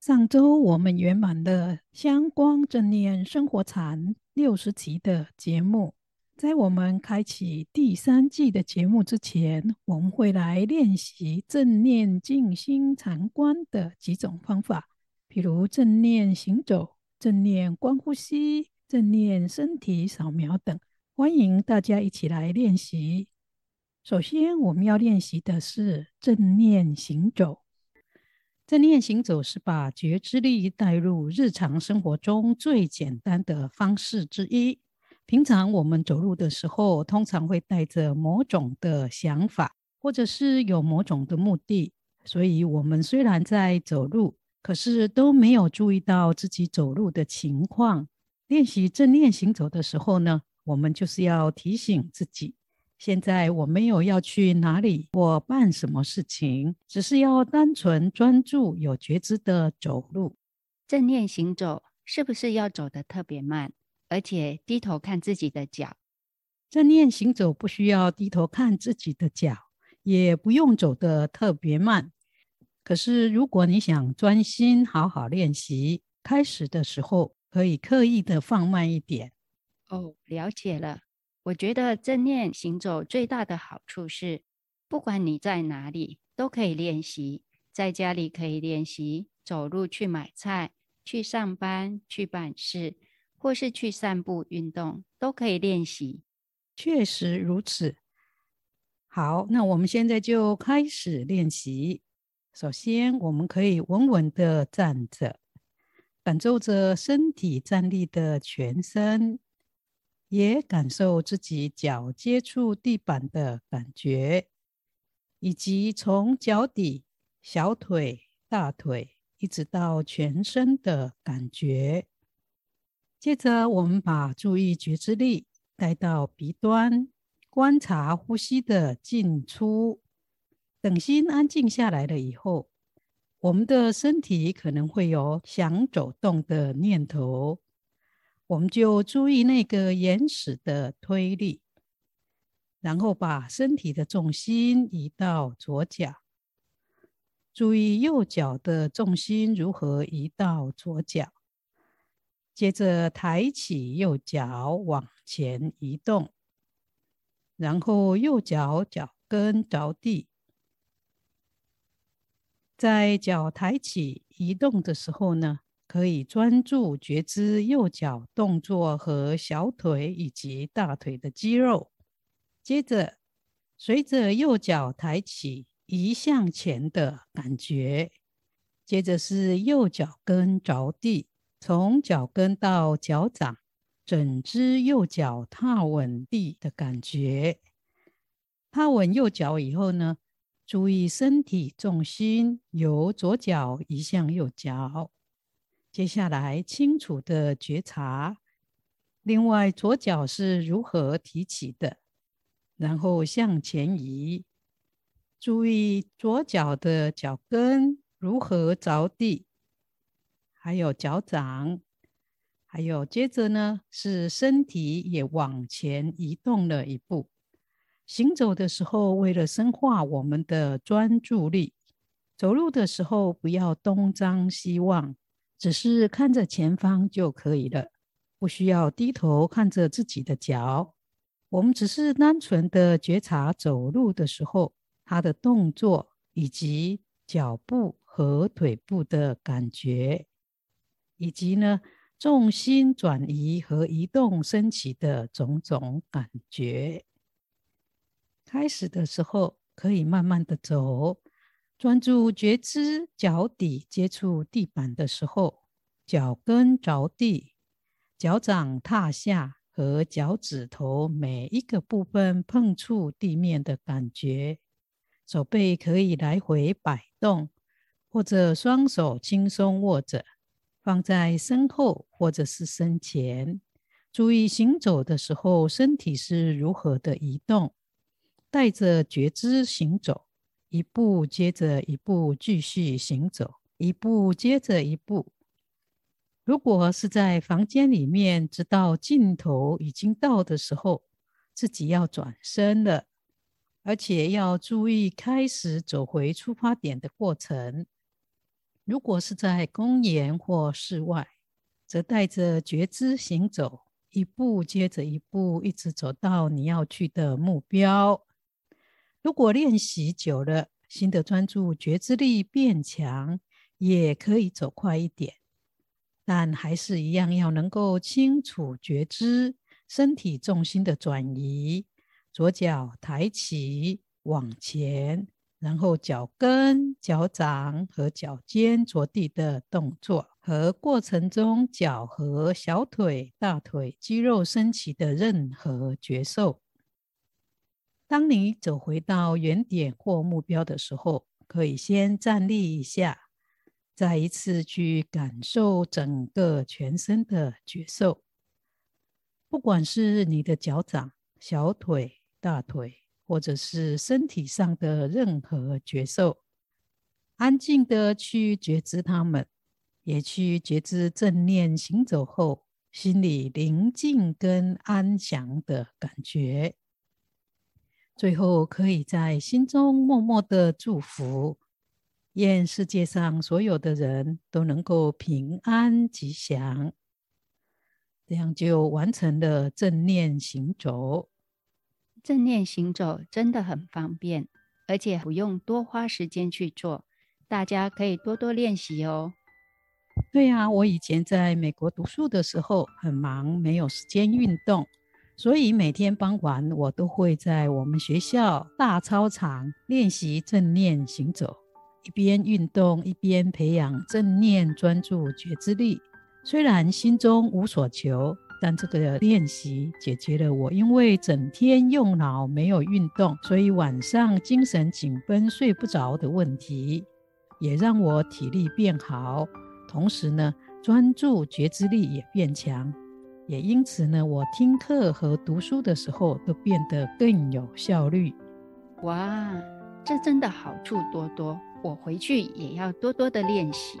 上週我們圓滿了《香光正念生活禪》六十集的節目。在我們開啟第三季的節目之前，我們會來練習正念靜心禪觀的幾種方法，比如正念行走、正念觀呼吸、正念身體掃描等。歡迎大家一起來練習。首先，我們要練習的是正念行走。正念行走是把覺知力帶入日常生活中最簡單的方式之一。平常我們走路的時候，通常會帶着某種的想法，或者是有某種的目的，所以我們雖然在走路，可是都沒有注意到自己走路的情況。練習正念行走的時候呢，我們就是要提醒自己。現在我沒有要去哪裡，或辦什麼事情，只是要單純專注、有覺知的走路。正念行走是不是要走得特別慢，而且低頭看自己的腳？正念行走不需要低頭看自己的腳，也不用走得特別慢。可是如果你想專心好好練習，開始的時候可以刻意的放慢一點。哦，了解了。我覺得正念行走最大的好處是，不管你在哪裡都可以練習，在家裡可以練習，走路去買菜、去上班、去辦事，或是去散步運動，都可以練習。確實如此。好，那我們現在就開始練習。首先，我們可以穩穩地站着，感受着身體站立的全身。也感受自己腳接觸地板的感覺，以及從腳底、小腿、大腿一直到全身的感覺。接着，我們把注意覺知力帶到鼻端，觀察呼吸的進出。等心安靜下來了以後，我們的身體可能會有想走動的念頭。我們就注意那個原始的推力，然後把身體的重心移到左腳，注意右腳的重心如何移到左腳，接着抬起右腳往前移動，然後右腳腳跟着地，在腳抬起移動的時候呢？可以專注覺知右腳動作和小腿以及大腿的肌肉。接着，隨着右腳抬起移向前的感覺，接着是右腳跟着地，從腳跟到腳掌，整隻右腳踏穩地的感覺。踏穩右腳以後呢，注意身體重心由左腳移向右腳。接下來，清楚的覺察，另外左腳是如何提起的，然後向前移，注意左腳的腳跟如何着地，還有腳掌，還有接着呢是身體也往前移動了一步。行走的時候，為了深化我們的專注力，走路的時候不要東張西望。只是看着前方就可以了，不需要低頭看着自己的腳。我們只是單純的覺察走路的時候，它的動作以及腳步和腿部的感覺，以及呢重心轉移和移動升起的種種感覺。開始的時候可以慢慢的走。專注覺知腳底接觸地板的時候，腳跟着地，腳掌踏下和腳趾頭每一個部分碰觸地面的感覺。手臂可以來回擺動，或者雙手輕鬆握着，放在身後或者是身前。注意行走的時候身體是如何的移動，帶着覺知行走。一步接着一步繼續行走，一步接着一步。如果是在房間裡面，直到盡頭已經到的時候，自己要轉身了，而且要注意開始走回出發點的過程。如果是在公園或室外，則帶着覺知行走，一步接着一步，一直走到你要去的目標。如果練習久了，心的專注覺知力變強，也可以走快一點，但還是一樣要能夠清楚覺知身體重心的轉移，左腳抬起往前，然後腳跟、腳掌和腳尖着地的動作和過程中，腳和小腿、大腿肌肉升起的任何覺受。當你走回到原點或目標的時候，可以先站立一下，再一次去感受整個全身的覺受，不管是你的腳掌、小腿、大腿，或者是身體上的任何覺受，安靜地去覺知它們，也去覺知正念行走後，心裡寧靜跟安詳的感覺。最後，可以在心中默默的祝福，願世界上所有的人都能夠平安吉祥。這樣就完成了正念行走。正念行走真的很方便，而且不用多花時間去做，大家可以多多練習哦。對呀、啊，我以前在美國讀書的時候很忙，沒有時間運動。所以每天傍晚，我都會在我們學校大操場練習正念行走，一邊運動一邊培養正念專注覺知力。雖然心中無所求，但這個練習解決了我因為整天用腦沒有運動，所以晚上精神緊繃睡不着的問題，也讓我體力變好，同時呢，專注覺知力也變強。也因此呢，我聽課和讀書的時候都變得更有效率。哇，這真的好處多多，我回去也要多多的練習。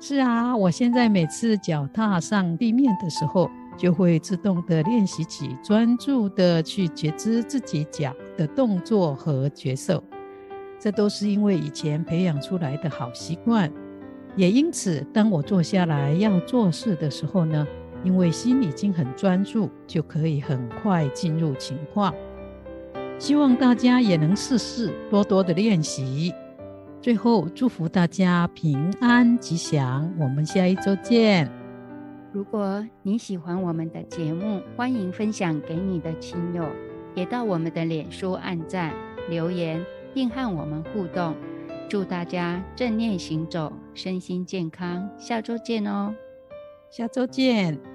是啊，我現在每次腳踏上地面的時候，就會自動的練習起專注的去覺知自己腳的動作和覺受。這都是因為以前培養出來的好習慣。也因此，當我坐下來要做事的時候呢。因為心已經很專注，就可以很快進入情況。希望大家也能試試，多多的練習。最後祝福大家平安吉祥，我們下一周見。如果你喜歡我們的節目，歡迎分享給你的親友，也到我們的臉書按讚、留言，並和我們互動。祝大家正念行走，身心健康。下周見哦！下周見。